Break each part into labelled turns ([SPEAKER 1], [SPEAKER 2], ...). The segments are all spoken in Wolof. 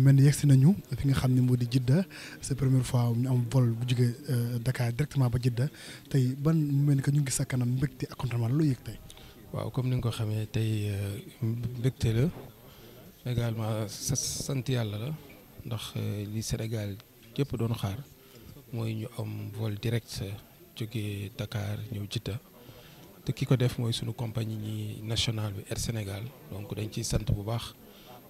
[SPEAKER 1] mel ni yegsi nañu fi nga xam ne moo di Jidda c'est première fois ñu am vol bu jógee euh, Dakar directement ba Jidda tey ban mel ni que ñu ngi sa kanam mbégte ak contentement la loo
[SPEAKER 2] waaw comme ni nga ko xamee tey euh, mbégte la également sa sant yàlla la ndax euh, li Sénégal yëpp doon xaar mooy ñu am vol direct jógee Dakar ñëw Jidda te ki ko def mooy sunu compagnie nationale bi Air Sénégal donc dañ ciy sant bu baax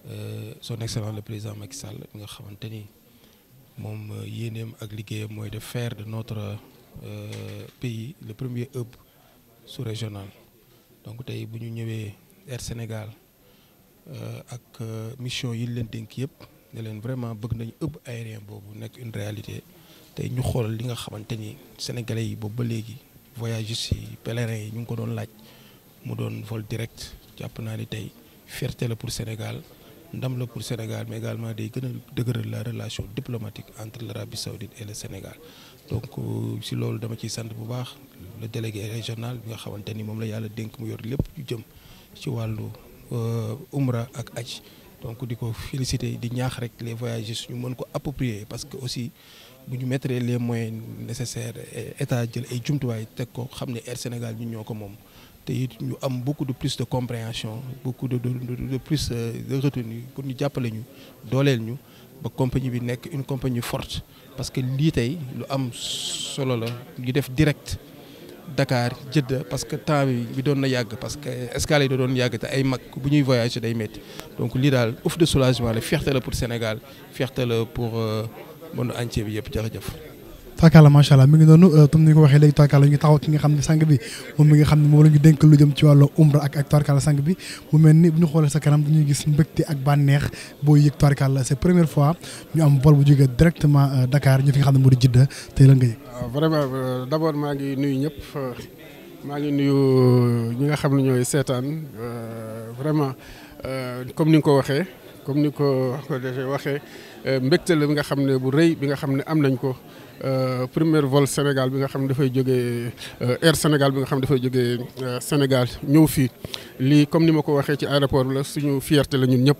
[SPEAKER 2] euh, soo excellence le président Macky bi nga xamante ni moom euh, yéeneem ak liggéeyam mooy de fair de notre euh, pays le premier hub sous-régional donc tey bu ñu ñëwee Air Sénégal ak mission yi leen dénk yëpp ne leen vraiment bëgg nañu hub aérien boobu nekk une réalité tey ñu xool li nga xamante ni sénégalais yi boobu ba léegi. voyagistes yi pèlerins yi ñu ngi ko doon laaj mu doon vol direct jàpp naa ni tey ferte la pour Sénégal ndam la pour Sénégal mais également day gën a dëgëral la relation diplomatique entre l'Arabie Saoudite et le Sénégal donc euh, si loolu dama ciy sant bu baax le délégué régional bi nga xamante ni moom la yàlla dénk mu yor lépp lu jëm ci wàllu euh, umra ak aj donc di ko féliciter di ñaax rek les voyageurs suñu mën ko approprier parce que aussi bu ñu mettre les moyens nécessaires état jël ay jumtuwaay teg ko xam ne Air Sénégal bi ñoo ko moom te it ñu am beaucoup de plus de compréhension beaucoup de de, de, de plus euh, de pour ñu jàppale ñu dooleel ñu ba compagnie bi nekk une compagnie forte parce que lii tey lu am solo la ñu def direct Dakar Jëdda parce que temps bi doon na yàgg parce que escale yi doon yàgg te ay mag bu ñuy voyage day métti donc lii daal ouf de soulagement la fierté la pour Sénégal fierté la pour euh, monde entier bi yëpp jërëjëf.
[SPEAKER 1] taakaala macha allah mi ngi noonu euh, comme ni nga ko waxee léegi taakaala ñu ngi taxaw ki nga xam ne sang bi moom mi nga xam ne moom la ni bu ñu xoolee sa kanam dañuy gis mbégte ak bànneex boo yëg taakaala c'est première fois ñu am vol bu jógee directement euh, Dakar ñu fi nga xam ne moo di Jidda tey la nga yëg.
[SPEAKER 3] waaw ah, euh, maa ngi nuyu ñëpp maa ngi nuyu ñi nga xam ne ñooy seetaan vraiment comme ni nga ko waxee. comme ni ko déjà waxee euh, mbégte la bi nga xam ne bu rëy bi nga xam ne am nañ ko euh, premier vol Sénégal bi nga xam ne dafay jóge euh, Air Sénégal bi nga xam ne dafay jóge Sénégal ñëw fii lii comme ni ma ko waxee ci aéroport la suñu fierté la ñun ñëpp.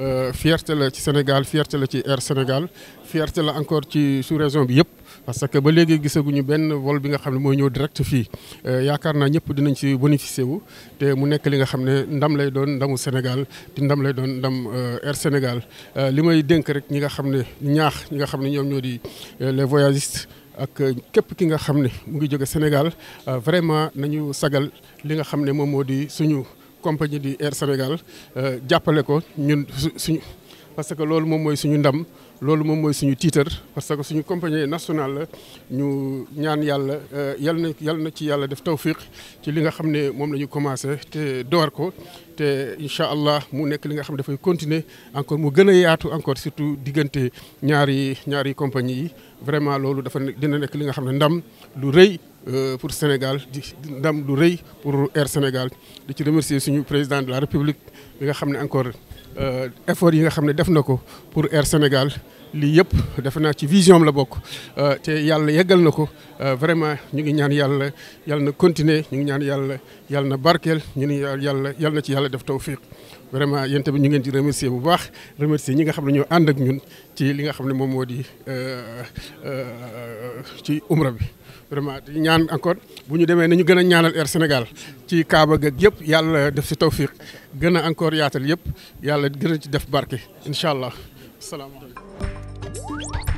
[SPEAKER 3] Euh, fierté la ci Sénégal fierté la ci Air Sénégal fierté la encore ci sous-région bi yëpp parce que ba léegi gisaguñu benn vol bi nga xam ne mooy ñëw direct fii euh, yaakaar naa ñëpp dinañ ci bénéficier wu te mu nekk li nga xam ne ndam lay doon ndamu Sénégal te ndam lay doon ndam euh, Air Sénégal li may dénk rek ñi nga xam ne ñaax ñi nga xam ne ñoom ñoo di les voyagistes ak képp ki nga xam ne mu ngi jóge Sénégal vraiment nañu sagal li nga xam ne moom moo di suñu compagnie du Air Sénégal euh, jàppale ko ñun suñu parce que loolu moom mooy suñu ndam loolu moom mooy suñu tiitar parce que suñu compagnie nationale la ñu ñaan yàlla euh, yal na yal na ci yàlla def tawfiq ci li nga xam ne moom la ñu commencé te door ko te incha allah mu nekk li nga xam ne dafay continuer encore mu gën a yaatu encore surtout diggante ñaari ñaari compagnie yi vraiment loolu dafa dina nekk li nga xam ne ndam lu rëy euh, pour Sénégal di ndam lu rëy pour Air Sénégal di ci remercier suñu président de la République bi nga xam ne encore Euh, effort yi nga xam ne def na ko pour Air Sénégal lii yëpp defe naa ci vision la bokk euh, te yàlla yeggal na ko euh, vraiment ñu ngi ñaan yàlla yàlla na continuer ñu ngi ñaan yàlla yàlla na barkeel ñu ngi yàlla yàlla na ci yàlla def tawfiq vraiment yéen tamit ñu ngeen di remercier bu baax remercier ñi nga xam ne ñoo ànd ak ñun ci li nga xam ne moom moo di ci umra bi. vraiment di ñaan encore bu ñu demee nañu gën a ñaanal Air Sénégal ci Kaaba gag yëpp yàlla def si tawfiq gën a encore yaatal yëpp yàlla gën a ci def barke incha allah salaamaaleykum